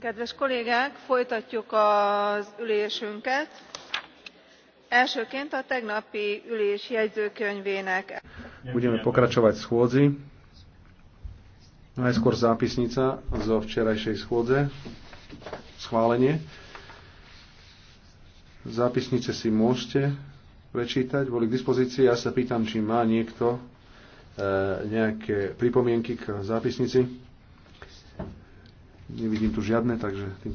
kedves kollégák folytatjuk az ülésünket. elsőként a tegnapi ülés jegyzőkönyvének. budeme pokračovať v schôdzi. najskôr zápisnica zo včerajšej schôdze schválenie. Zápisnice si môžete prečítať, boli k dispozícii. Ja sa pýtam, či má niekto e, nejaké pripomienky k zápisnici. Nevidím tu žiadne, takže tým